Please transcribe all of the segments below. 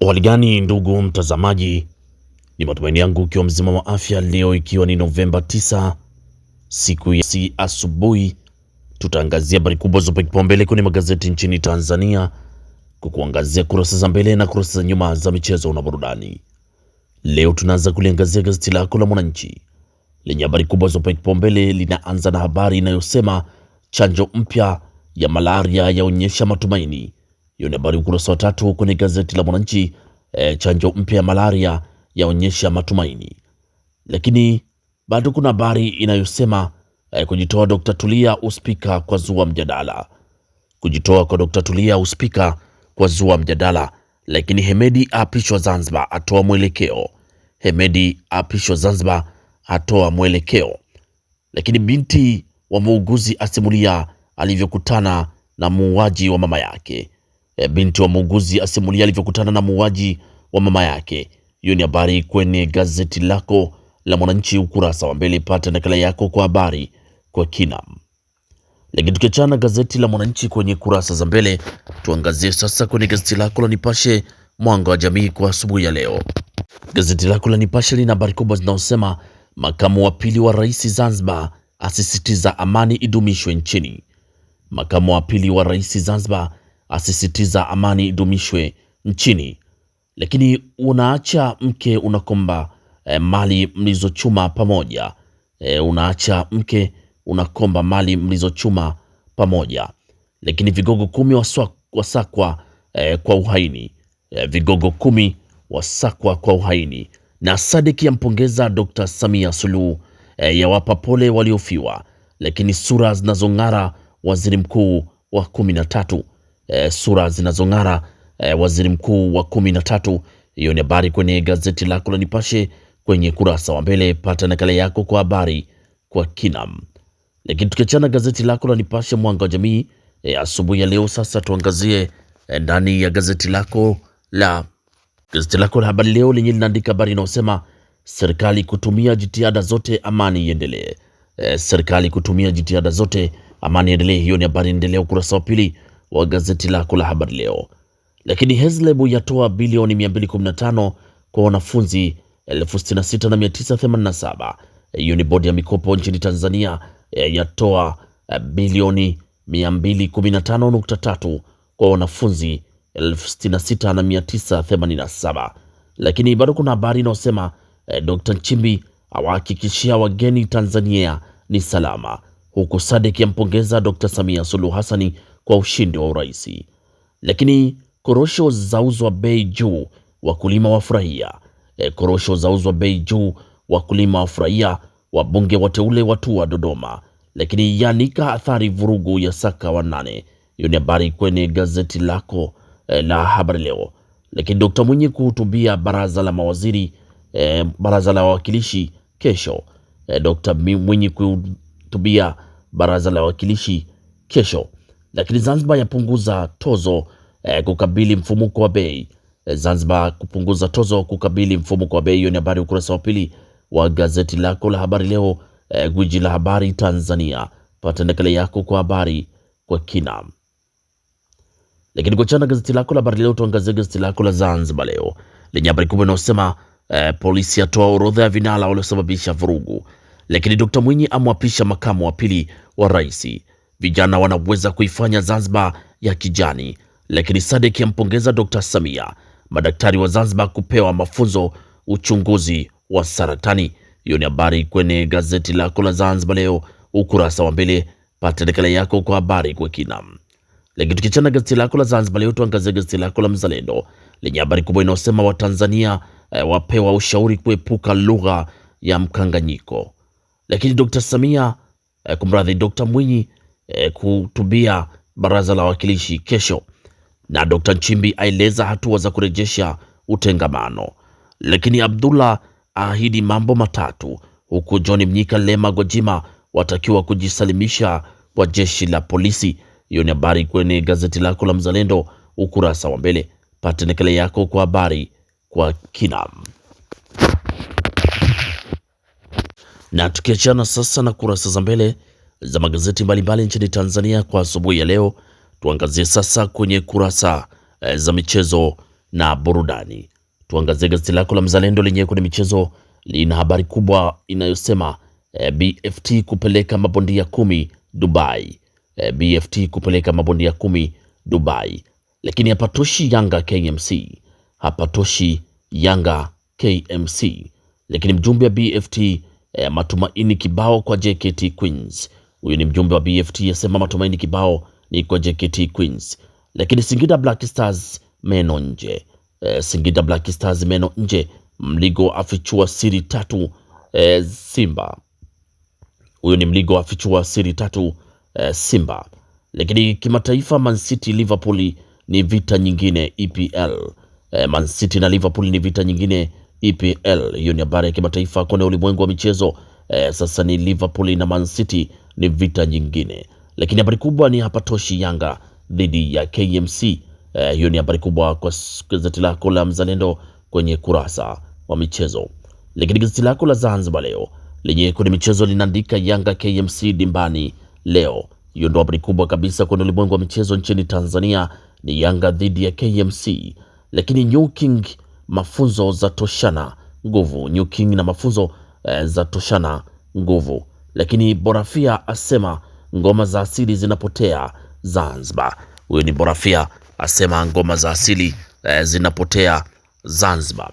Waligani ndugu mtazamaji, ni matumaini yangu ukiwa mzima wa afya leo, ikiwa ni Novemba 9 siku ya si asubuhi, tutaangazia habari kubwa zopa kipaumbele kwenye magazeti nchini Tanzania, kwa kuangazia kurasa za mbele na kurasa za nyuma za michezo na burudani. Leo tunaanza kuliangazia gazeti lako la Mwananchi lenye habari kubwa zopa kipaumbele, linaanza na habari inayosema chanjo mpya ya malaria yaonyesha matumaini hiyo ni habari ukurasa wa tatu kwenye gazeti la Mwananchi. E, chanjo mpya ya malaria yaonyesha matumaini, lakini bado kuna habari inayosema e, kujitoa Dr. Tulia uspika kwa zua mjadala. Kujitoa kwa Dr. Tulia uspika kwa zua mjadala, lakini Hemedi aapishwa Zanzibar atoa mwelekeo. Hemedi aapishwa Zanzibar atoa mwelekeo, lakini binti wa muuguzi asimulia alivyokutana na muuaji wa mama yake. E, binti wa muuguzi asimulia alivyokutana na muuaji wa mama yake. Hiyo ni habari kwenye gazeti lako la Mwananchi ukurasa wa mbele, pata nakala yako kwa habari kwa kina. Lakini tukiachana gazeti la Mwananchi kwenye kurasa za mbele, tuangazie sasa kwenye gazeti lako la Nipashe mwanga wa jamii kwa asubuhi ya leo. Gazeti lako la Nipashe lina habari kubwa zinazosema makamu wa pili wa rais Zanzibar asisitiza amani idumishwe nchini. Makamu wa pili wa rais Zanzibar asisitiza amani idumishwe nchini, lakini unaacha mke unakomba e, mali mlizochuma pamoja e, unaacha mke unakomba mali mlizochuma pamoja. Lakini vigogo kumi waswa, wasakwa e, kwa uhaini e, vigogo kumi wasakwa kwa uhaini. Na Sadiki yampongeza Dr. Samia Suluhu e, yawapa pole waliofiwa, lakini sura zinazong'ara waziri mkuu wa kumi na tatu e, sura zinazong'ara e, waziri mkuu wa kumi na tatu. Hiyo ni habari kwenye gazeti lako la Nipashe kwenye kurasa wa mbele, pata nakala yako kwa habari kwa kinam. Lakini tukiachana gazeti lako la Nipashe mwanga wa jamii e, asubuhi ya leo, sasa tuangazie e, ndani ya gazeti lako la gazeti lako la habari leo lenye linaandika habari inayosema serikali kutumia jitihada zote amani iendelee. E, serikali kutumia jitihada zote amani iendelee. Hiyo ni habari endelea ukurasa wa pili wa gazeti lako la habari leo. Lakini Hezlebu yatoa bilioni 215 kwa wanafunzi 66987. Unibodi ya mikopo nchini Tanzania eh, yatoa eh, bilioni 215.3 kwa wanafunzi 66987. Lakini bado kuna habari inayosema eh, Dr. Nchimbi awahakikishia wageni Tanzania ni salama, huku Sadek yampongeza Dr. Samia Suluhu Hassani kwa ushindi wa urais. Lakini korosho zauzwa bei juu, wakulima wafurahia. E, korosho zauzwa bei juu, wakulima wafurahia. Wabunge wateule watua Dodoma. Lakini yanika athari vurugu ya saka wanane. Hiyo ni habari kwenye gazeti lako e, la habari leo. Lakini Dr. Mwinyi kuhutubia baraza la mawaziri e, baraza la wawakilishi kesho. E, Dr. Mwinyi kuhutubia baraza la wawakilishi kesho. Lakini Zanzibar yapunguza tozo eh, kukabili mfumuko wa bei. Eh, Zanzibar kupunguza tozo kukabili mfumuko wa bei. Hiyo ni habari ukurasa wa pili wa gazeti lako la habari leo, eh, gwiji la habari Tanzania. Pata nakala yako kwa habari kwa kina. Lakini kwa chana gazeti lako la habari leo, tuangazie gazeti lako la Zanzibar leo lenye habari kubwa inayosema eh, polisi atoa orodha ya vinara waliosababisha vurugu. Lakini Dr Mwinyi amwapisha makamu wa pili wa raisi vijana wanaweza kuifanya Zanzibar ya kijani, lakini Sadek yampongeza Dr. Samia, madaktari wa Zanzibar kupewa mafunzo uchunguzi wa saratani. Hiyo ni habari kwenye gazeti lako la Zanzibar leo ukurasa wa mbele, pata nakala yako kwa habari kwa kina. Lakini tukichana gazeti lako la Zanzibar leo, tuangazie gazeti lako la Mzalendo lenye habari kubwa inayosema Watanzania eh, wapewa ushauri kuepuka lugha ya mkanganyiko. Lakini Dr. Samia eh, kumradhi, Dr. Mwinyi e, kutubia baraza la wawakilishi kesho, na Dr. Nchimbi aeleza hatua za kurejesha utengamano, lakini Abdullah aahidi mambo matatu, huku John Mnyika, Lema Gwajima watakiwa kujisalimisha kwa jeshi la polisi. Hiyo ni habari kwenye gazeti lako la Mzalendo ukurasa wa mbele. Pate nakala yako kwa habari kwa kina. Na tukiachana sasa na kurasa za mbele za magazeti mbalimbali nchini Tanzania kwa asubuhi ya leo. Tuangazie sasa kwenye kurasa eh, za michezo na burudani. Tuangazie gazeti lako la Mzalendo lenyewe kwenye michezo lina habari kubwa inayosema e, eh, BFT kupeleka mabondia kumi Dubai. E, eh, BFT kupeleka mabondia kumi Dubai, lakini hapatoshi Yanga KMC, hapatoshi Yanga KMC, lakini mjumbe wa BFT e, matumaini kibao kwa JKT Queens Huyu ni mjumbe wa BFT asema matumaini kibao ni kwa JKT Queens, lakini Singida Black Stars meno nje. E, Singida Black Stars meno nje. Mligo afichua siri tatu e, Simba. Huyu ni Mligo afichua siri tatu e, Simba. Lakini kimataifa, Man City Liverpool ni vita nyingine EPL. E, Man City na Liverpool ni vita nyingine EPL. Hiyo ni habari ya kimataifa kwenye ulimwengu wa michezo. E, sasa ni Liverpool na Man City ni vita nyingine, lakini habari kubwa ni hapatoshi. Yanga dhidi ya KMC eh, hiyo ni habari kubwa kwa gazeti lako la Mzalendo kwenye kurasa wa michezo. Lakini gazeti lako la Zanzibar leo lenye kwenye michezo linaandika Yanga KMC dimbani leo. Hiyo ndio habari kubwa kabisa kwenye ulimwengu wa michezo nchini Tanzania ni Yanga dhidi ya KMC. Lakini New King mafunzo za toshana nguvu, New King na mafunzo eh, za toshana nguvu lakini Borafia asema ngoma za asili zinapotea Zanzibar. Huyu ni Borafia asema ngoma za asili eh, zinapotea Zanzibar.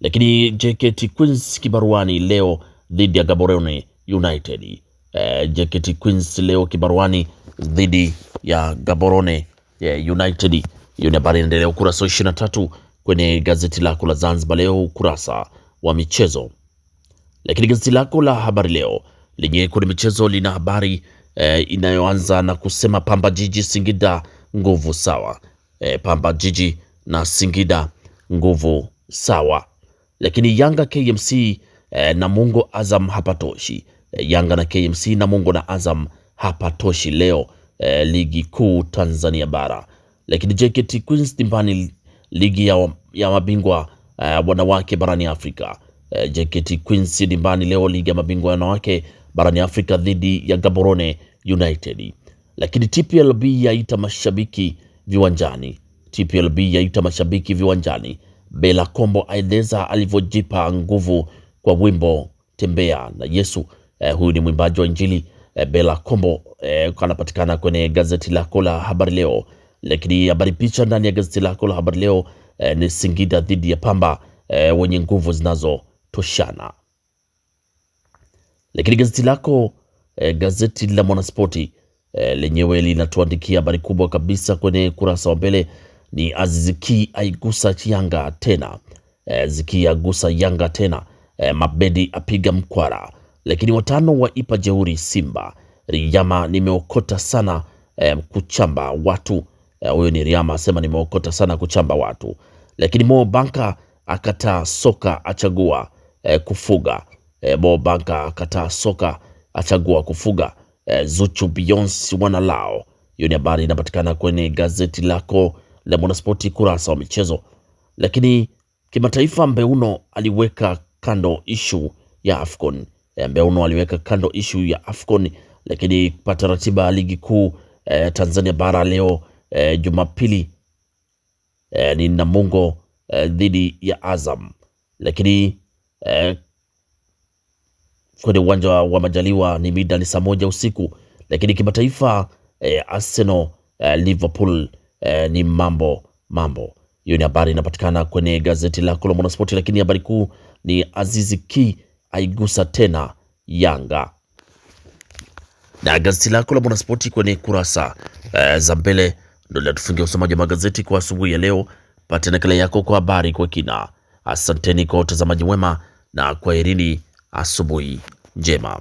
Lakini JKT Queens kibaruani leo dhidi ya Gaborone United. Eh, JKT Queens leo kibaruani dhidi ya Gaborone eh, United. Hiyo ni habari inaendelea ukurasa wa ishirini na tatu kwenye gazeti lako la Zanzibar leo ukurasa wa michezo. Lakini gazeti lako la habari leo lenye kwenye michezo lina habari e, inayoanza na kusema Pamba Jiji Singida nguvu sawa. E, Pamba Jiji na Singida nguvu sawa, lakini Yanga KMC e, eh, na Namungo Azam hapatoshi. E, Yanga na KMC na Namungo na Azam hapatoshi leo e, ligi kuu Tanzania bara, lakini JKT Queens dimbani ligi ya, ya mabingwa e, wanawake barani Afrika. E, JKT Queens dimbani leo ligi ya mabingwa wanawake barani Afrika dhidi ya Gaborone United. Lakini TPLB yaita mashabiki viwanjani. TPLB yaita mashabiki viwanjani. Bela Kombo aeleza alivyojipa nguvu kwa wimbo Tembea na Yesu. Eh, huyu ni mwimbaji wa Injili eh, Bela Kombo eh, anapatikana kwenye gazeti lako la habari leo. Lakini habari picha ndani ya gazeti lako la habari leo eh, ni Singida dhidi ya Pamba eh, wenye nguvu zinazotoshana. Lakini gazeti lako eh, gazeti la Mwanaspoti eh, lenyewe linatuandikia habari kubwa kabisa kwenye kurasa wa mbele ni Aziziki aigusa Yanga tena eh, Ziki agusa Yanga tena eh, Mabedi apiga mkwara, lakini watano waipa jeuri Simba. Riyama nimeokota sana eh, kuchamba watu eh, huyo eh, ni Riyama asema nimeokota sana kuchamba watu, lakini Mo Banka akataa soka achagua eh, kufuga E, Mo Banka kataa soka, achagua kufuga. E, Zuchu Beyonce wana lao. Hiyo ni habari inapatikana kwenye gazeti lako la Mwanaspoti kurasa wa michezo. Lakini kimataifa, Mbeuno aliweka kando ishu ya Afcon. E, Mbeuno aliweka kando ishu ya Afcon, lakini pata ratiba ya ligi kuu e, Tanzania bara leo e, Jumapili e, ni Namungo e, dhidi ya Azam, lakini e, kwenye uwanja wa Majaliwa ni mida ni saa moja usiku, lakini kimataifa eh, Arsenal eh, Liverpool eh, ni mambo mambo. Hiyo ni habari inapatikana kwenye gazeti lako la Mwanaspoti, lakini habari kuu ni Azizi Ki aigusa tena Yanga na gazeti lako la Mwanaspoti kwenye kurasa eh, za mbele ndo linatufungia usomaji wa magazeti kwa asubuhi ya leo. Pate nakala yako kwa habari kwa kina. Asanteni kwa utazamaji mwema na kwaherini asubuhi njema.